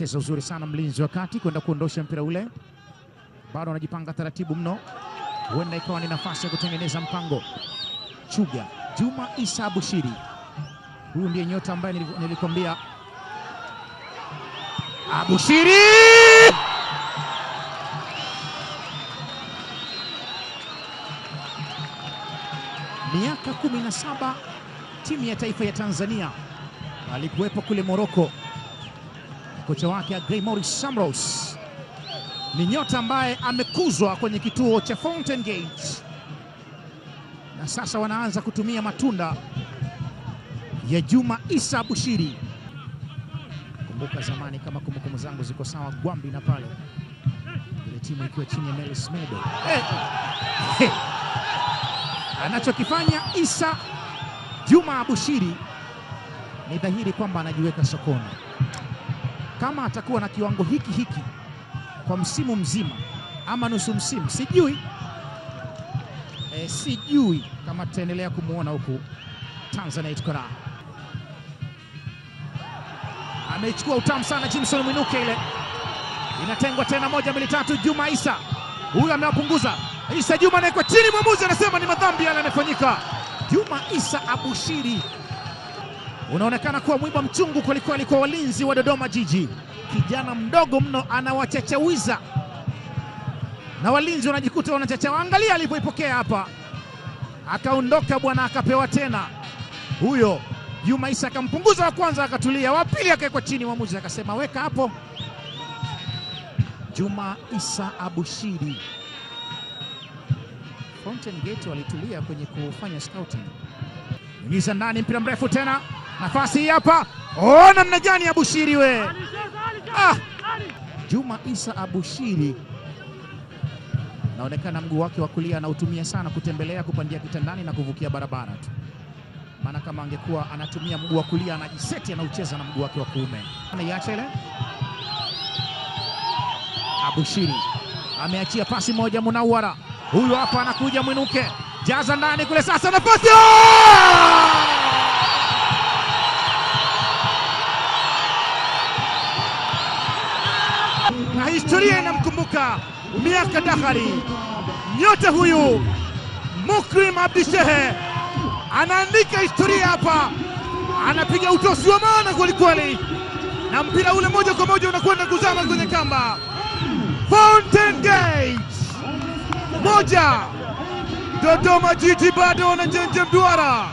Anacheza uzuri sana mlinzi wa kati kwenda kuondosha mpira ule, bado anajipanga taratibu mno, huenda ikawa ni nafasi ya kutengeneza mpango. Chuga Juma Isa Abushiri, huyu ndiye nyota ambaye nilikwambia. Abushiri miaka 17 timu ya taifa ya Tanzania, alikuwepo kule Moroko kocha wake Agrey Morris Shamrose ni nyota ambaye amekuzwa kwenye kituo cha Fountain Gate, na sasa wanaanza kutumia matunda ya Juma Isa Bushiri. Kumbuka zamani, kama kumbukumbu zangu ziko sawa, Gwambi na pale ile timu ikiwa chini ya Melis Medo. Hey, hey, anachokifanya Isa Juma Bushiri ni dhahiri kwamba anajiweka sokoni kama atakuwa na kiwango hiki hiki kwa msimu mzima ama nusu msimu sijui, e, sijui kama tutaendelea kumwona huku Tanzanite Kora. Amechukua utamu sana Jimson Mwinuke, ile inatengwa tena, moja mbili tatu. Juma Isa huyu amewapunguza. Isa Juma anawekwa chini, mwamuzi anasema ni madhambi yale yamefanyika. Juma Isa Abushiri unaonekana kuwa mwiba mchungu kwelikweli kwa walinzi wa Dodoma Jiji. Kijana mdogo mno anawachachawiza na walinzi wanajikuta wanachacha Angalia alipoipokea hapa, akaondoka bwana, akapewa tena huyo Juma Isa akampunguza wa kwanza, akatulia. Wa pili akawekwa chini, mwamuzi akasema weka hapo. Juma Isa Abushiri Fountain Gate walitulia kwenye kufanya scouting. Ingiza ndani, mpira mrefu tena nafasi hapa. Oh, namna gani Abushiri we! Ah, Juma Isa Abushiri naonekana mguu wake wa kulia anautumia sana kutembelea, kupandia kitandani na kuvukia barabara tu, maana kama angekuwa anatumia mguu wa kulia anajiseti, anaucheza na mguu wake wa kuume. Anaiacha ile Abushiri ameachia pasi moja, Munawara huyu hapa anakuja mwinuke, jaza ndani kule, sasa nafasi ah! historia inamkumbuka miaka dahari. nyote huyu Mukrim Abdishehe anaandika historia hapa, anapiga utosi wa maana kwelikweli, na mpira ule moja kwa moja unakwenda kuzama kwenye kamba. Fountain Gate moja, Dodoma Jiji bado wanajenja mduara.